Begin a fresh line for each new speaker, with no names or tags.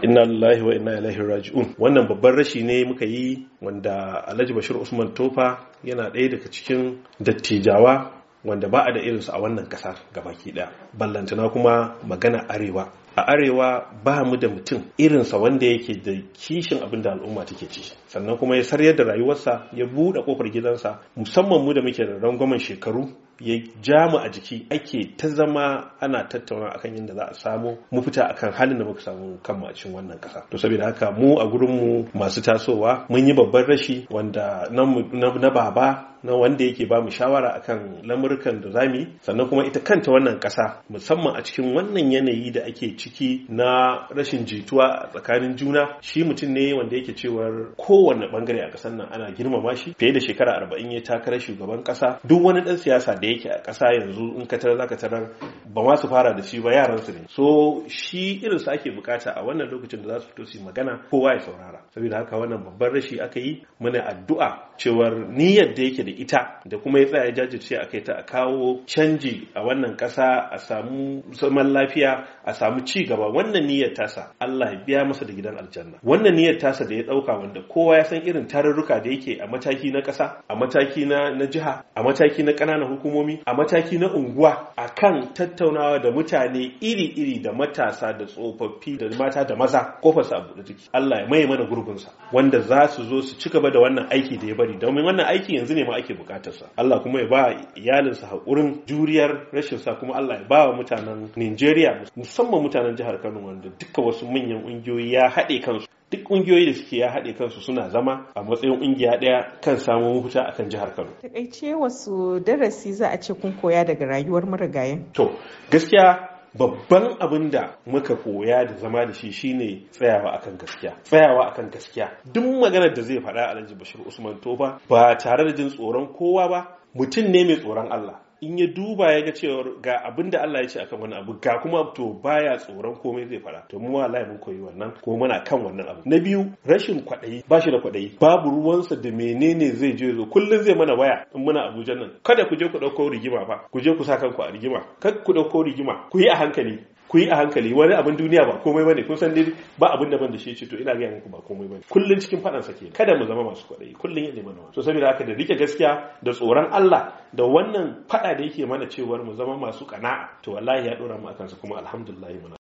inna lillahi wa inna ilaihi raji'un wannan babban rashi ne muka yi wanda Alhaji Bashir Usman Tofa yana ɗaya daga cikin dattijawa wanda ba a da irinsu a wannan ƙasa ga gabaki ɗaya ballantana kuma magana arewa a arewa ba mu da mutum irinsa wanda yake da kishin abin da al'umma take ci sannan kuma ya sarya da rayuwarsa ya buɗe kofar gidansa musamman mu da muke da rangwamen shekaru ya ja mu a jiki ake ta zama ana tattauna akan yadda za a samu mafita akan halin da muka samu kanmu a cikin wannan kasa to saboda haka mu a gurinmu masu tasowa mun yi babban rashi wanda na baba na wanda yake ba mu shawara akan lamurkan da zamu sannan kuma ita kanta wannan kasa musamman a cikin wannan yanayi da ake ciki na rashin jituwa a tsakanin juna shi mutum ne wanda yake cewar kowane bangare a kasar nan ana girmama shi fiye da shekara arba'in ya takarar shugaban kasa duk wani dan siyasa da yake a ƙasa yanzu in ka tarar zaka tarar ba ma su fara da shi ba yaran su ne so shi irin su ake bukata a wannan lokacin da za su fito su magana kowa ya saurara saboda haka wannan babban rashi aka yi muna addu'a cewar niyyar da yake da ita da kuma ya tsaya jajirce a kai ta a kawo canji a wannan ƙasa a samu zaman lafiya a samu ci gaba wannan niyyar tasa Allah ya biya masa da gidan aljanna wannan niyyar tasa da ya ɗauka wanda kowa ya san irin tarurruka da yake a mataki na ƙasa a mataki na jiha a mataki na ƙananan hukuma hukumomi a mataki na unguwa a kan tattaunawa da mutane iri-iri da matasa da tsofaffi da mata da maza kofarsa a buɗe take Allah ya maye mana gurbinsa wanda za su zo su ci gaba da wannan aiki da ya bari domin wannan aiki yanzu ne ma ake bukatarsa Allah kuma ya ba iyalinsa haƙurin juriyar rashin sa kuma Allah ya ba wa mutanen Nigeria musamman mutanen jihar Kano wanda duka wasu manyan ƙungiyoyi ya haɗe kansu duk kungiyoyi da suke ya haɗe kansu suna zama a matsayin ƙungiya ɗaya kan samun a kan jihar Kano. Takaice wasu darasi za a ce kun koya daga rayuwar marigayen? To gaskiya babban abin da muka koya da zama da shi shine tsayawa akan gaskiya tsayawa akan gaskiya duk maganar da zai faɗa Alhaji Bashir Usman Tofa ba tare da jin tsoron kowa ba mutum ne mai tsoron Allah in ya duba ya ga cewa ga abin da Allah ya ce akan wani abu ga kuma to baya tsoron komai zai fara to mu wallahi mun koyi wannan ko muna kan wannan abu na biyu rashin kwaɗayi ba shi da kwaɗayi babu ruwansa da menene zai je zo kullum zai mana waya in muna Abuja nan kada ku je ku ɗauko rigima ba ku je ku sa kanku a rigima kada ku ɗauko rigima ku yi a hankali ku yi a hankali wani abin duniya ba komai bane kun san dai ba abin da ban da shi ce to ina ga muku ba komai bane kullun cikin fadan sa kenan kada mu zama masu kwadayi kullun neman mana to saboda haka da rike gaskiya da tsoron Allah da wannan fada da yake mana cewa mu zama masu kana'a to wallahi ya dora mu akan sa kuma alhamdulillah